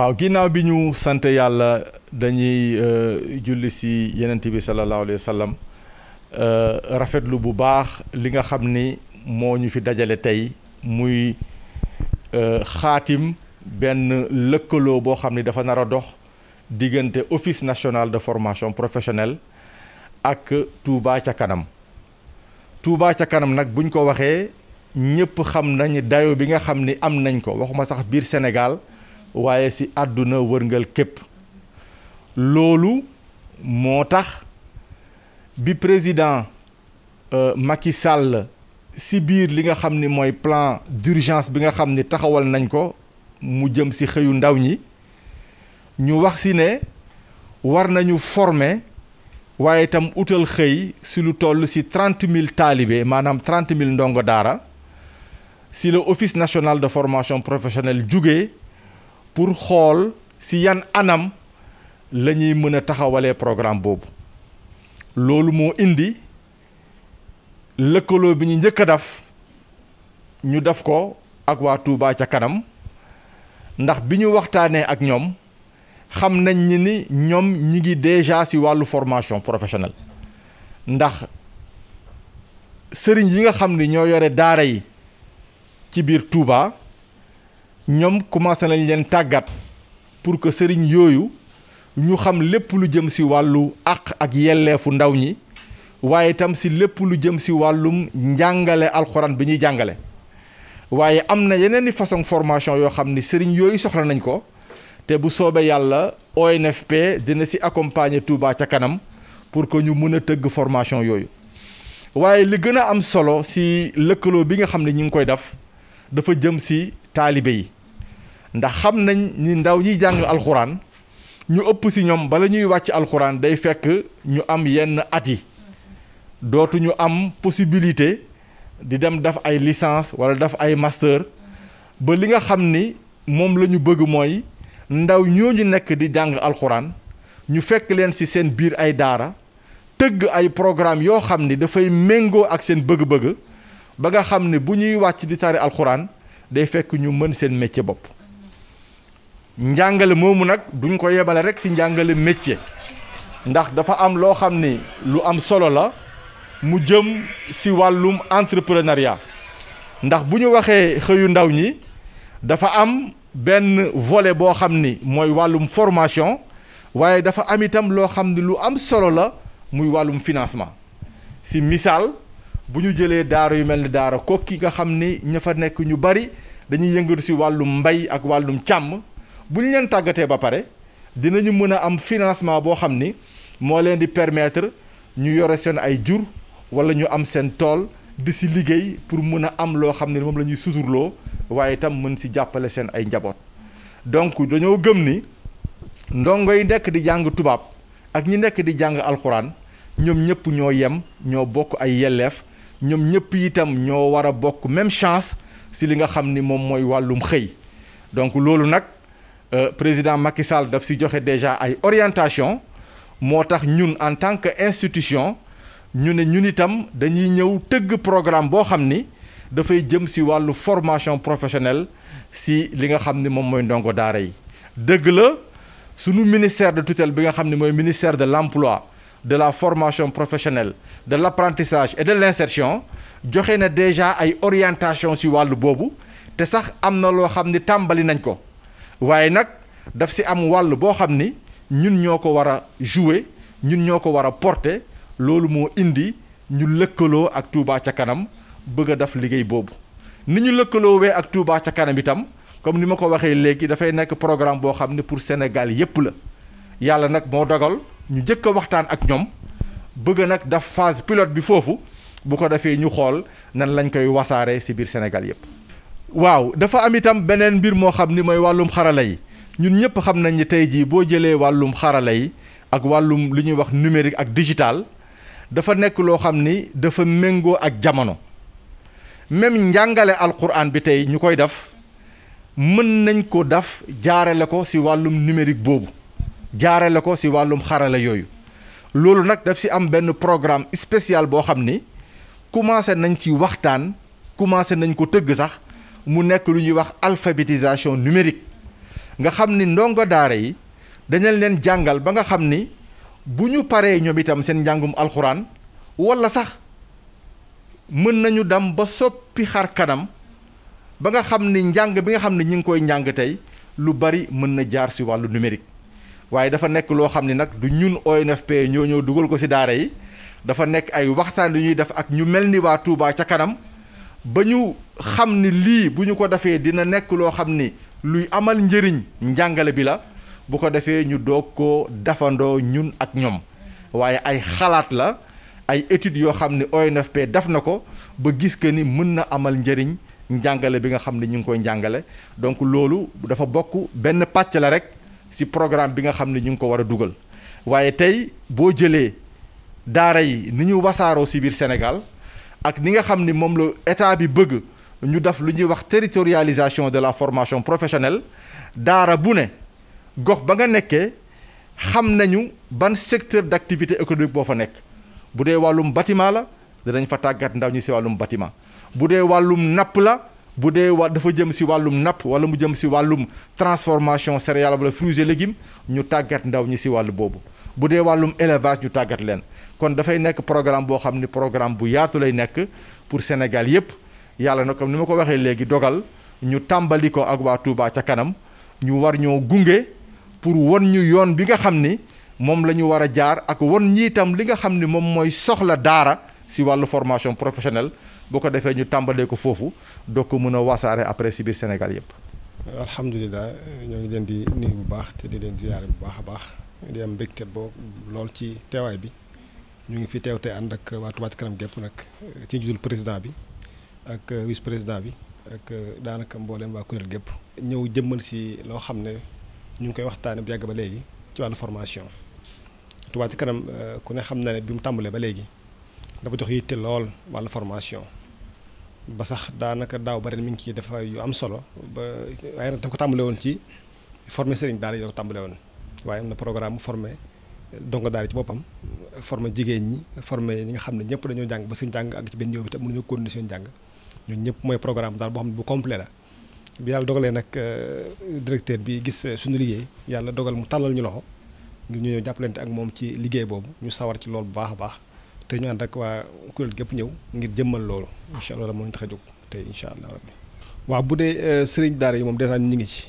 waaw ginnaaw bi ñu sant yàlla dañuy euh, julli si yenent bi sallallahu alayhi wa euh, rafetlu bu baax li nga xam ni moo ñu fi dajale tey muy euh, xaatim benn lëkkaloo boo xam ni dafa nar a dox diggante office national de formation professionnelle ak tuubaa ca kanam Touba ca kanam nag buñ ko waxee ñëpp xam nañ dayo bi nga xam ni am nañ ko waxuma sax biir Sénégal waaye si àdduna wërngal képp loolu moo bi président euh, Macky Sall si biir li nga ni plan d'urgence bi nga ni taxawal nañ ko mu jëm si xëyu ndaw ñi ñu wax war former si lu toll ndongo le office national de formation professionnelle jugee pour xool si yan anam la ñuy mën a taxawalee programme boobu loolu moo indi lëkkaloo bi ñu njëkk a def ñu def ko ak waa Touba ca kanam ndax bi ñu waxtaanee ak ñoom xam nañ ñi ni ñoom ñi ngi déjà si wàllu formation professionnelle ndax sëriñ yi nga xam ni ñoo yore daara yi ci biir Touba ñom commencé nañ leen tàggat pour que sëriñ yooyu ñu xam lépp lu jëm si wàllu àq ak yelleefu ndaw ñi waaye tam si lépp lu jëm si wàllum njàngale alxuraan bi ñuy jàngale waaye am na yeneen i façon formation yoo xam ni sëriñ yooyu soxla nañ ko te bu soobee yàlla ONFP dina si accompagner Touba ca kanam pour que ñu mën a formation yooyu waaye li gën am solo si lëkkaloo bi nga xam ne ñu ngi koy def dafa jëm si taalibe yi ndax xam nañ ni ndaw ñi jàng alxuraan ñu ëpp si ñoom bala ñuy wàcc alxuraan day fekk ñu am yenn at yi dootuñu am possibilité di dem daf ay licence wala daf ay master ba li nga xam ni moom la ñu bëgg mooy ndaw ñooñu nekk di jàng alxuraan ñu fekk leen si seen biir ay daara tëgg ay programme yoo xam ni dafay méngoo ak seen bëgg-bëgg ba nga xam ni bu ñuy wàcc di tari alxuraan day fekk ñu mën seen métier bopp njangal momu nak duñ ko yebal rek ci njangal métier ndax dafa am lo xamni lu am solo la mu jëm ci walum entrepreneuriat ndax buñu ñu xeyu ndaw ñi dafa am ben volet bo xamni ni walum formation waye dafa am itam lo xamni ni lu am solo la muy walum financement si misal buñu jëlé daro daara yu melni daara ko ki nga xamni ni ña nekk ñu bari dañuy yëngu ci walum mbay ak walum cham buñ leen tàggatee ba pare dinañu mën a am financement boo xam ni leen di permettre ñu yore seen ay jur wala ñu am seen tool di si liggéey pour mën a am loo xam ne moom la ñuy suturloo waaye itam mën si jàppale seen ay njaboot donc dañoo gëm ni ndongo yi nekk di jàng tubaab ak ñi nekk di jàng alxuraan ñoom ñëpp ñoo yem ñoo bokk ay yelleef ñoom ñëpp itam ñoo war a bokk même chance si li nga xam ni moom mooy wàllum donc loolu nag Euh, président Macky Sall daf ci joxe déjà ay orientation motax ñun en tant que institution ñu ne ñun itam dañuy ñëw teug programme bo xamni da fay jëm ci walu formation professionnelle si li nga xamni mom moy ndongo daara yi deug la sunu ministère de tutelle bi nga xamni moy ministère de l'emploi de la formation professionnelle de l'apprentissage et de l'insertion joxe na déjà ay orientation siwalu walu bobu te sax amna lo xamni tambali nañ ko waaye nag daf si am wàll boo xam ni ñun ñoo ko war a jouer ñun ñoo ko war a porter loolu moo indi ñu lëkkaloo ak Touba ca kanam bëgg a def liggéey boobu ni ñu lëkkaloowee ak Touba ca kanam itam comme ni ma ko waxee léegi dafay nekk programme boo xam ne pour Sénégal yépp la yàlla nag moo dogal ñu njëkk a waxtaan ak ñoom bëgg nag daf phase pilote bi foofu bu ko defee ñu xool nan lañ koy wasaare si biir Sénégal yépp waaw dafa am itam beneen mbir moo xam ni mooy wàllum xarala yi ñun ñëpp xam nañ ni tey jii boo jëlee wàllum xarala yi ak wàllum li ñuy wax numérique ak digital dafa nekk loo xam ni dafa méngoo ak jamono même njàngale alquran bi tey ñu koy def mën nañ ko daf jaarale ko ci wàllum numérique boobu jaarale ko ci wàllum xarala yooyu loolu nag daf ci am benn programme spécial boo xam ni commencé nañ ci waxtaan commencé nañ ko tëgg sax mu nekk lu ñuy wax alphabétisation numérique nga xam ni ndongo daara yi dañu leen jàngal ba nga xam ni bu ñu paree ñoom itam seen njàngum alxuraan walla sax mën nañu dam ba soppi xar kanam ba nga xam ni njàng bi nga xam ni ñu ngi koy njàng tey lu bari mën na jaar ci wàllu numérique waaye dafa nekk loo xam ni nag du ñun ONFP ñoo ñëw dugal ko ci daara yi dafa nekk ay waxtaan yu ñuy def ak ñu mel ni waa Touba ca kanam. ba ñu xam ni lii bu ñu ko defee dina nekk loo xam ni luy amal njëriñ njàngale bi la bu ko defee ñu doog ko dafandoo ñun ak ñoom waaye ay xalaat la ay études yoo xam ni ONFP def na ko ba gis que ni mën na amal njëriñ njàngale bi nga xam ni ñu ngi koy njàngale donc loolu dafa bokk benn pàcc la rek ci programme bi nga xam ni ñu ngi ko war a dugal waaye tey boo jëlee daara yi ni ñu wasaaroo ci biir Sénégal ak ni nga xam ni moom la état bi bëgg ñu def lu ñuy wax territorialisation de la formation professionnelle daara bu ne gox ba nga nekkee xam nañu ban secteur d'activité économique boo fa nekk bu dee wàllum bâtiment la danañ fa tàggat ndaw ñi ci wàllum bâtiment bu dee wàllum napp la bu dee wa dafa jëm ci wàllum napp wala mu jëm ci wàllum transformation céréale walla fruits et légumes ñu tàggat ndaw ñi ci wàllu boobu bu dee wàllum élevage ñu tàggat leen kon dafay nekk programme boo xam ni programme bu yaatu lay nekk pour Sénégal yépp yàlla na comme ni ma ko waxee léegi dogal ñu tàmbali ko ak waa Touba ca kanam ñu war ñoo gunge pour won ñu yoon bi nga xam ni moom la ñu war a jaar ak won ñi itam li nga xam ni moom mooy soxla daara si wàllu formation professionnelle boo ko defee ñu tàmbalee ko foofu doo ko mën a wasaare après si biir Sénégal yépp alhamdulilah ñoo ngi leen di bu baax te di leen ziyaare bu baax a baax di am mbégte boo lool ci teewaay bi ñu ngi fi teew te ànd ak waa Touba Ca Kanam gépp nag ci njiitul président bi ak vice président bi ak daanaka mbooleem waa kuréel gépp ñëw jëmmal si loo xam ne ñu koy waxtaane bu yàgg ba léegi ci wàllu formation Touba Ca Kanam ku ne xam na ne bi mu tàmbalee ba léegi dafa jox yitte lool wàllu formation ba sax daanaka daaw ba mi ngi ciy dafa yu am solo ba waaye nag dafa ko tàmbale ci former sëriñ daara yow tàmbale woon waaye am na programme formé dongo daara ci boppam formé jigéen ñi forme ñi nga xam ne ñëpp dañoo jàng ba seen jàng ak ci benn yow bi te mënuñu continuer seen jàng ñun ñëpp mooy programme daal boo xam ne bu complet la bi yàlla dogalee nag euh, directeur bi gis euh, suñu liggéey yàlla dogal mu tàllal ñu loxo ngir ñu ñëw jàppalante ak moom ci liggéey boobu ñu sawar ci loolu bu baax a baax te ñu ànd ak waa kuréel gépp ñëw ngir jëmmal loolu incha allah moo ñu tax te incha allah waaw bu dee euh, sëriñ daara yi moom dèjà ñu ngi ci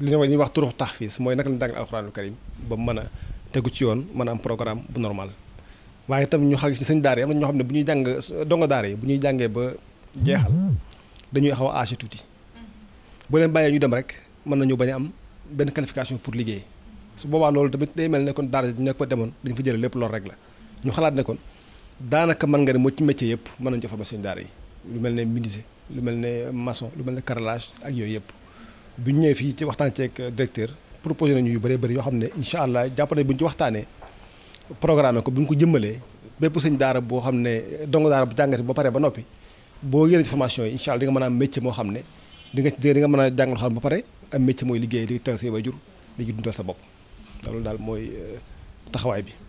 li ñuy wax turux tahfiz mooy naka la jàngal alxuraanul karim ba man a tegu ci yoon mën a am programme bu normal waaye itam ñu xam si sëñ daara yi ñoo xam ne bu ñuy jàng dongo daara yi bu ñuy jàngee ba jeexal dañuy xaw a âgé tuuti bu leen bàyyee ñu dem rek mën nañu bañ am benn qualification pour liggéey su boobaa loolu tamit day mel ne kon daara ji ko demoon dañu fa jëlee lépp loolu rek la ñu xalaat ne kon daanaka mën nga ne moo ci métier yëpp mën nañu ci formation daara yi lu mel ne menuisier lu mel ne maçon lu mel ne carrelage ak yooyu yëpp bu ñu ñëwee fii ci waxtaan ceeg euh, directeur proposé nañu yu bëree bëri yoo xam ne incha allah jàpp ne bu ñu ci waxtaanee programme ko bu ñu ko jëmbalee bépp sëñ daara boo xam ne euh, dong daara bu jàngate ba pare ba noppi boo yëree ci formation yi incha allah di mën a am moo xam ne di nga di nga mën a jàngal xam ba pare am métier mooy liggéey di teral say waajur di dundal sa bopp loolu daal mooy euh, taxawaay bi.